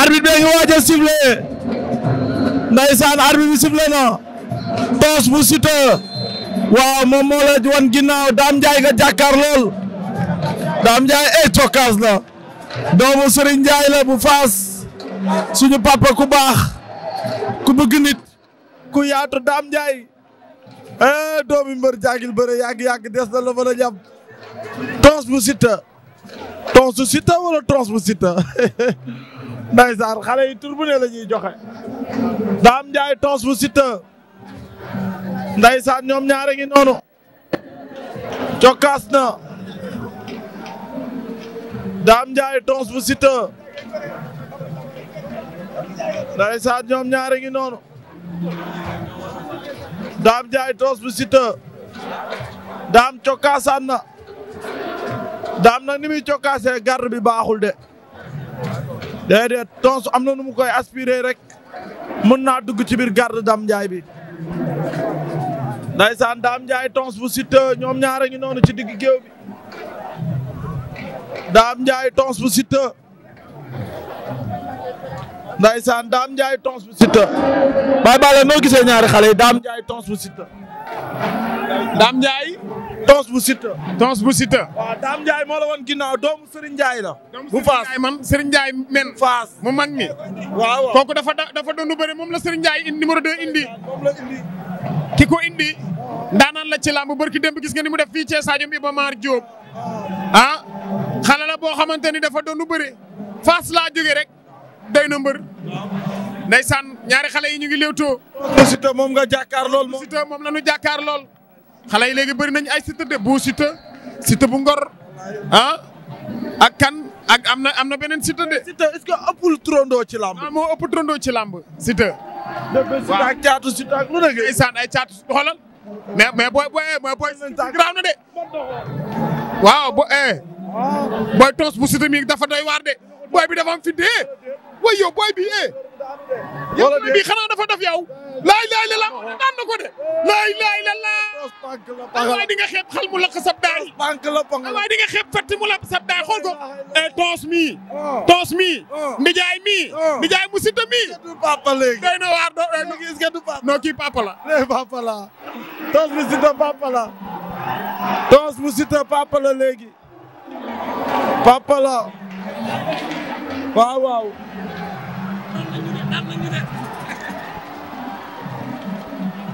arbitre bi ngi waaj a sifflé ndaysaan arbitre bi na toos bu Siteu waaw moom moo la wan ginnaaw Dame Ndiaye nga lool Dame Ndiaye ay eh, cokkaas la doomu Serigne Ndiaye la bu faas suñu papa ku baax ku bëgg nit ku yaatu Dame Ndiaye eh doomi mbër yàgg yàgg des na la mën a toos bu Siteu tons su Siteu wala tons bu Siteu ndeysaan xale yi tur bu la ñuy joxe Dame Ndiaye tons bu Siteu ndeysaan ñoom ñaare ngi noonu cokkaas na daam Ndiaye tons bu Siteu ndeysaan ñoom ñaare ngi noonu Dame Ndiaye tons bu Siteu daam cokkaasaan na daam nag ni muy cokkaasee garde bi baaxul de déedéet Tonsu am na nu mu koy aspiré rek mën naa dugg ci biir garde daam Ndiaye bi ndaysaan Dame Ndiaye Tonsu bu Siteu ñoom ñaar a ngi noonu ci digg géew bi Dame Ndiaye Tonsu bu Siteu ndaysaan Dame Ndiaye Tonsu bu Siteu bay bala noo gisee ñaari xale yi Dame Ndiaye Tonsu bu Siteu Dame Ndiaye tons bu Siteu. tons bu Siteu. waaw Dame Ndiaye moo la woon ginnaaw doomu la. man Serigne Ndiaye men. mu mag mi. waaw kooku dafa dafa doon lu bëri moom la Serigne Ndiaye indi numéro indi. ki ko indi. ndaanaan la ci làmb barki dem gis nga ni mu def fii ci Sadio Iba Mar Diop. ah xale la boo xamante ni dafa doon lu bëri. Faas laa jógee rek day na mbër. ndeysaan ñaari xale yi ñu ngi léewtoo. Siteu moom nga jàkkaar lool moom Siteu moom la ñu jàkkaar lool. xale yi léegi bëri nañ ay Siteu de bu Siteu Siteu bu Ngor ah kan ak am na am na beneen Siteu de. Siteu est-ce que ëppul turandoo ci làmb. ah moo ëpp turandoo ci làmb Siteu. waaw ak caatu Siteu ak lu dëgg. isaan ay caatu xoolal mais mais booy booy mais eh, booy garaaw na de. waaw bo eh. booy toos bu Siteu mi dafa doy waar de booy bi dafa am fi dee. waaye yow bi eh. wala déet bi xanaa dafa def yow. laay laay la la daan na ko de. laay laay la la. waaye di nga xeeb xal mu lakk sab daay. waaye di nga xeeb fett mu lakk sab daay xool ko. Eh, toos mii. toos mii. ndijaay mii. ndijaay mu sita mii. papa léegi doy na waar do eh, gis nga du papa. non kii papa la. nee eh, papa la toos mu sita papa la. toos mu sita papa la léegi. papa la waaw waaw. amoon nañu ne daan nañu ne